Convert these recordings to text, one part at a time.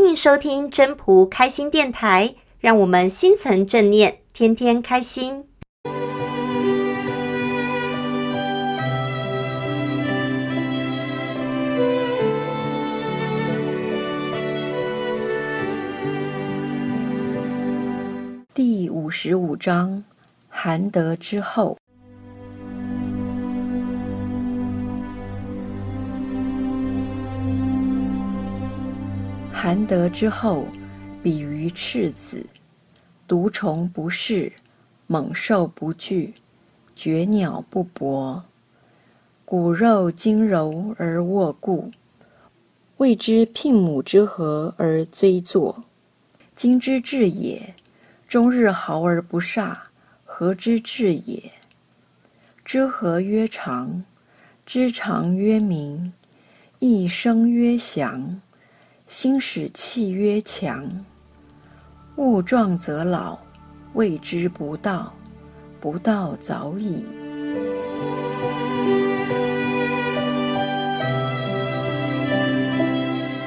歡迎收聽真樸開心電台，讓我們心存正念，天天開心。第五十五章：含德之厚。難得之後，比於赤子，毒蟲，不螫猛獸不懼攫鳥不搏，骨肉精柔而握固。未知牝牡之合而追作，精之至也。終日號而不煞，何之至也？知和曰常，知常曰明，益生曰祥。心使氣曰強，物壯則老，謂之不道，不道早已。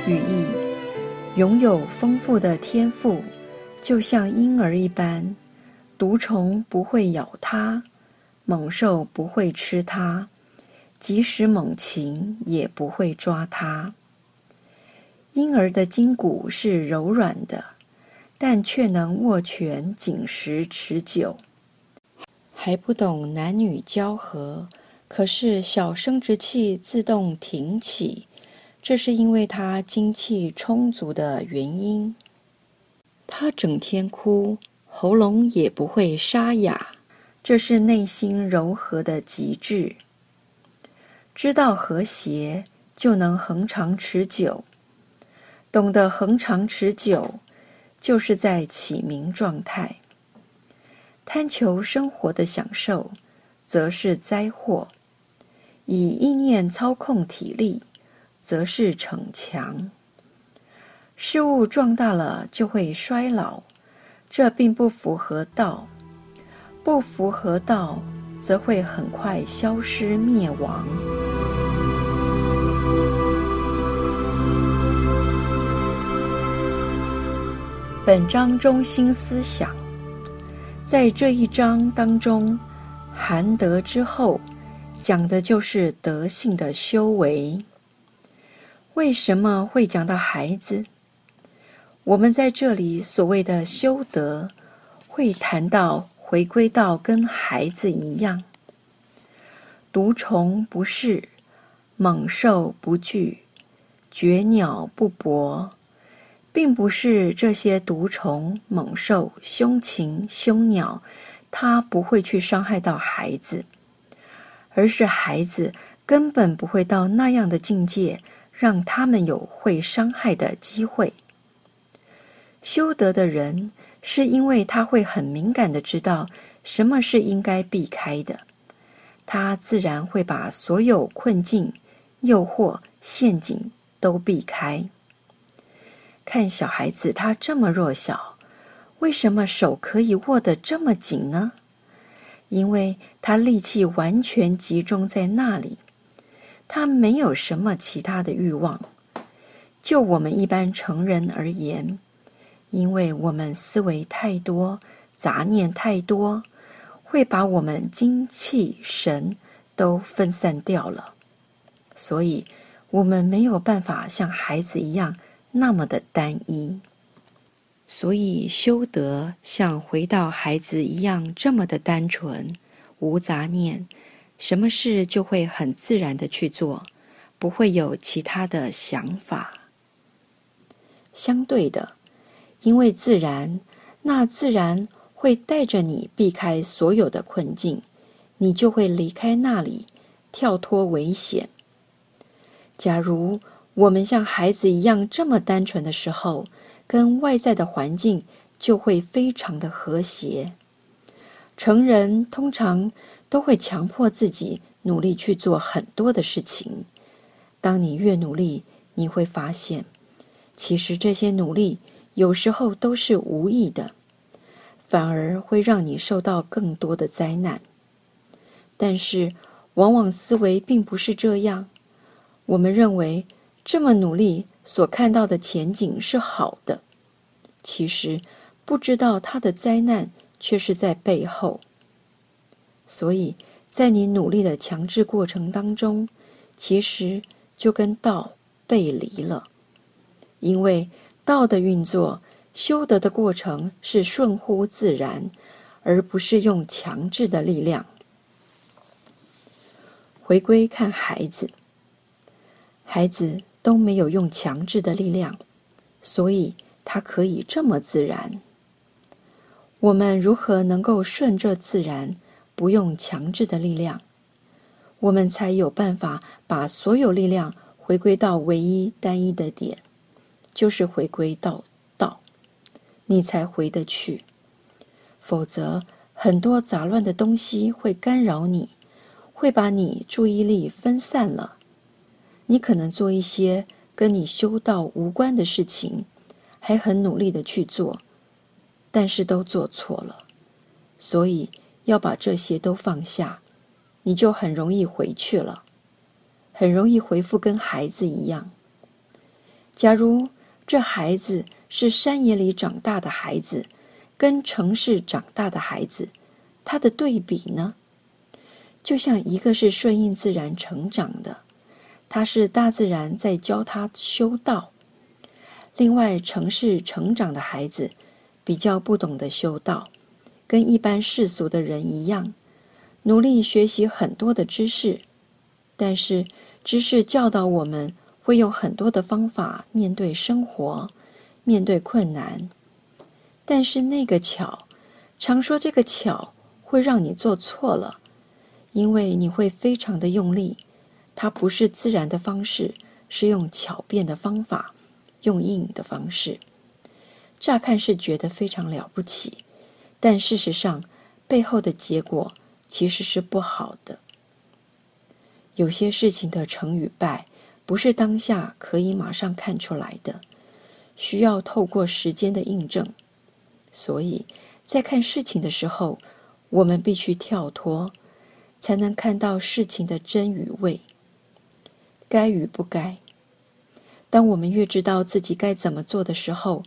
寓意擁有豐富的天賦，就像嬰兒一般，毒蟲不會咬它，猛獸不會吃它，即使猛禽也不會抓它。嬰兒的筋骨是柔軟的，但卻能握拳緊實持久。還不懂男女交合，可是小生殖器自動挺起，這是因為他精氣充足的原因。他整天哭，喉嚨也不會沙啞，這是內心柔和的極致。知道和諧，就能恆長持久。懂得恆長持久，就是在啟明狀態；貪求生活的享受，則是災禍；以意念操控體力，則是逞強。事物壯大了就會衰老，這並不符合道；不符合道，則會很快消失滅亡。本章中心思想，在這一章當中，含德之厚，講的就是德性的修為。為什麼會講到孩子？我們在這裡所謂的修德，會談到回歸到跟孩子一樣，毒蟲不噬，猛獸不懼，攫鳥不搏。並不是這些毒蟲、猛獸、凶禽、凶鳥，它不會去傷害到孩子，而是孩子根本不會到那樣的境界，讓他們有會傷害的機會。修德的人，是因為他會很敏感的知道什麼是應該避開的，他自然會把所有困境、誘惑、陷阱都避開。看小孩子，他這麼弱小，為什麼手可以握得這麼緊呢？因為他力氣完全集中在那裡，他沒有什麼其他的慾望。就我們一般成人而言，因為我們思維太多，雜念太多，會把我們精氣神都分散掉了，所以我們沒有辦法像孩子一樣。那麼的單一，所以修德像回到孩子一樣這麼的單純，無雜念，什麼事就會很自然的去做，不會有其他的想法。相對的，因為自然，那自然會帶着你避開所有的困境，你就會離開那裡，跳脫危險。假如。我們像孩子一樣這麼單純的時候，跟外在的環境就會非常的和諧。成人通常都會強迫自己努力去做很多的事情。當你越努力，你會發現，其實這些努力有時候都是無益的，反而會讓你受到更多的災難。但是，往往思維並不是這樣。我們認為。這麼努力，所看到的前景是好的，其實不知道他的災難卻是在背後。所以，在你努力的強制過程當中，其實就跟道背離了，因為道的運作、修德的過程是順乎自然，而不是用強制的力量。回歸看孩子，孩子。都沒有用強制的力量，所以它可以這麼自然。我們如何能夠順着自然，不用強制的力量？我們才有辦法把所有力量回歸到唯一單一的點，就是回歸到道，你才回得去。否則，很多雜亂的東西會干擾你，會把你注意力分散了。你可能做一些跟你修道無關的事情，還很努力的去做，但是都做錯了，所以要把這些都放下，你就很容易回去了，很容易恢復跟孩子一樣。假如這孩子是山野裡長大的孩子，跟城市長大的孩子，他的對比呢，就像一個是順應自然成長的。他是大自然在教他修道。另外，城市成長的孩子比較不懂得修道，跟一般世俗的人一樣，努力學習很多的知識。但是，知識教導我們會用很多的方法面對生活，面對困難。但是那個巧，常說這個巧會讓你做錯了，因為你會非常的用力。它不是自然的方式，是用巧變的方法，用硬的方式。乍看是覺得非常了不起，但事實上，背後的結果其實是不好的。有些事情的成與敗，不是當下可以馬上看出來的，需要透過時間的印證。所以，在看事情的時候，我們必須跳脫，才能看到事情的真與偽。該與不該。當我們越知道自己該怎麼做的時候，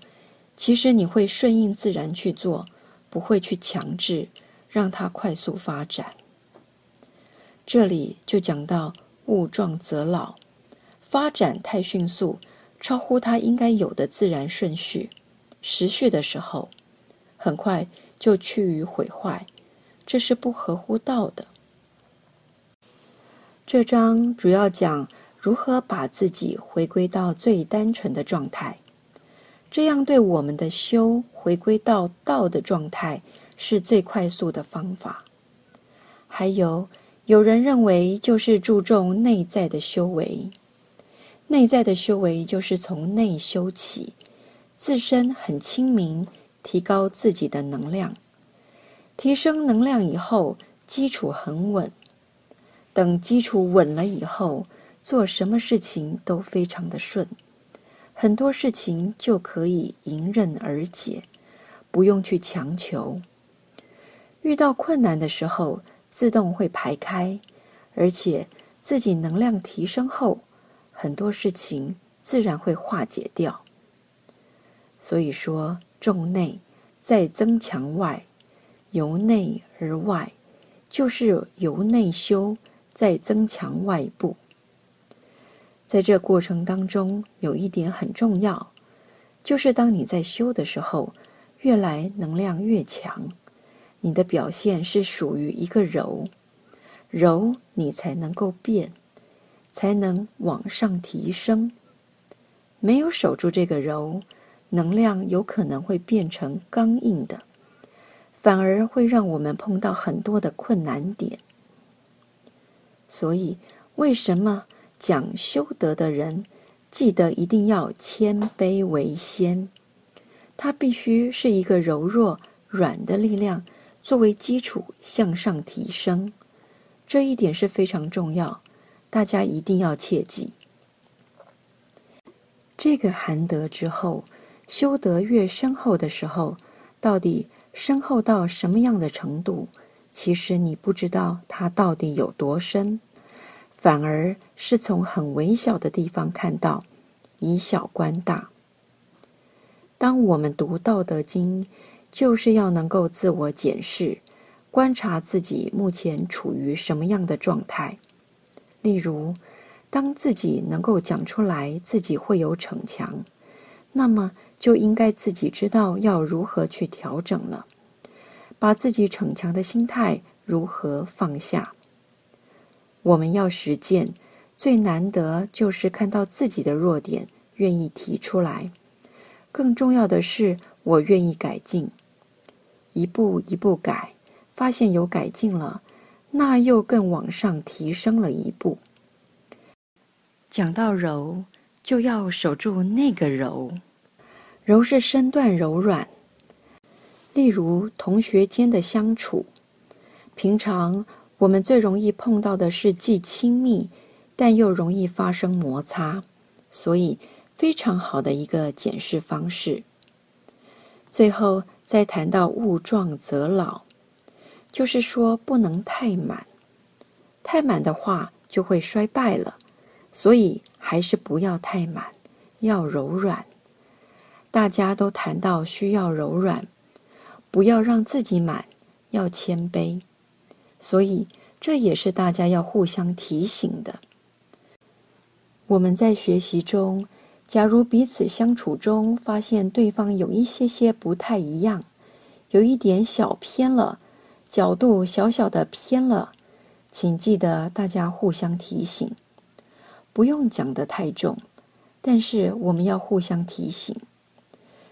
其實你會順應自然去做，不會去強制讓它快速發展。這裡就講到物壯則老，發展太迅速，超乎它應該有的自然順序時序的時候，很快就趨於毀壞，這是不合乎道的。這章主要講。如何把自己回歸到最單純的狀態？這樣對我們的修回歸到道的狀態是最快速的方法。還有，有人認為就是注重內在的修為。內在的修為就是從內修起，自身很清明，提高自己的能量，提升能量以後，基礎很穩。等基礎穩了以後，做什麼事情都非常的順，很多事情就可以迎刃而解，不用去強求。遇到困難的時候，自動會排開，而且自己能量提升後，很多事情自然會化解掉。所以說，重內再增強外，由內而外，就是由內修再增強外部。在這過程當中，有一點很重要，就是當你在修的時候，越來能量越強，你的表現是屬於一個柔，柔你才能夠變，才能往上提升。沒有守住這個柔，能量有可能會變成剛硬的，反而會讓我們碰到很多的困難點。所以，為什麼？講修德的人，記得一定要謙卑為先，他必須是一個柔弱軟的力量作為基礎向上提升，這一點是非常重要，大家一定要切記。這個含德之厚，修德越深厚的時候，到底深厚到什麼樣的程度？其實你不知道它到底有多深。反而是從很微小的地方看到，以小觀大。當我們讀《道德經》，就是要能夠自我檢視，觀察自己目前處於什麼樣的狀態。例如，當自己能夠講出來自己會有逞強，那麼就應該自己知道要如何去調整了，把自己逞強的心態如何放下。我們要實踐，最難得就是看到自己的弱點，願意提出來。更重要的是，我願意改進，一步一步改，發現有改進了，那又更往上提升了一步。講到柔，就要守住那個柔，柔是身段柔軟。例如同學間的相處，平常。我們最容易碰到的是既親密，但又容易發生摩擦，所以非常好的一個檢視方式。最後再談到物壯則老，就是說不能太滿，太滿的話就會衰敗了，所以還是不要太滿，要柔軟。大家都談到需要柔軟，不要讓自己滿，要謙卑。所以，這也是大家要互相提醒的。我們在學習中，假如彼此相處中發現對方有一些些不太一樣，有一點小偏了，角度小小的偏了，請記得大家互相提醒，不用講得太重，但是我們要互相提醒。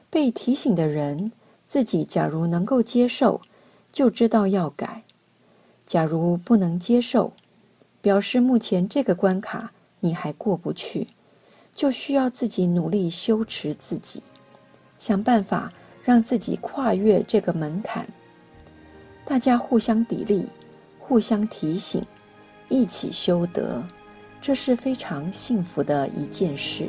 被提醒的人自己，假如能夠接受，就知道要改。假如不能接受，表示目前這個關卡你還過不去，就需要自己努力修持自己，想辦法讓自己跨越這個門檻。大家互相砥礪，互相提醒，一起修德，這是非常幸福的一件事。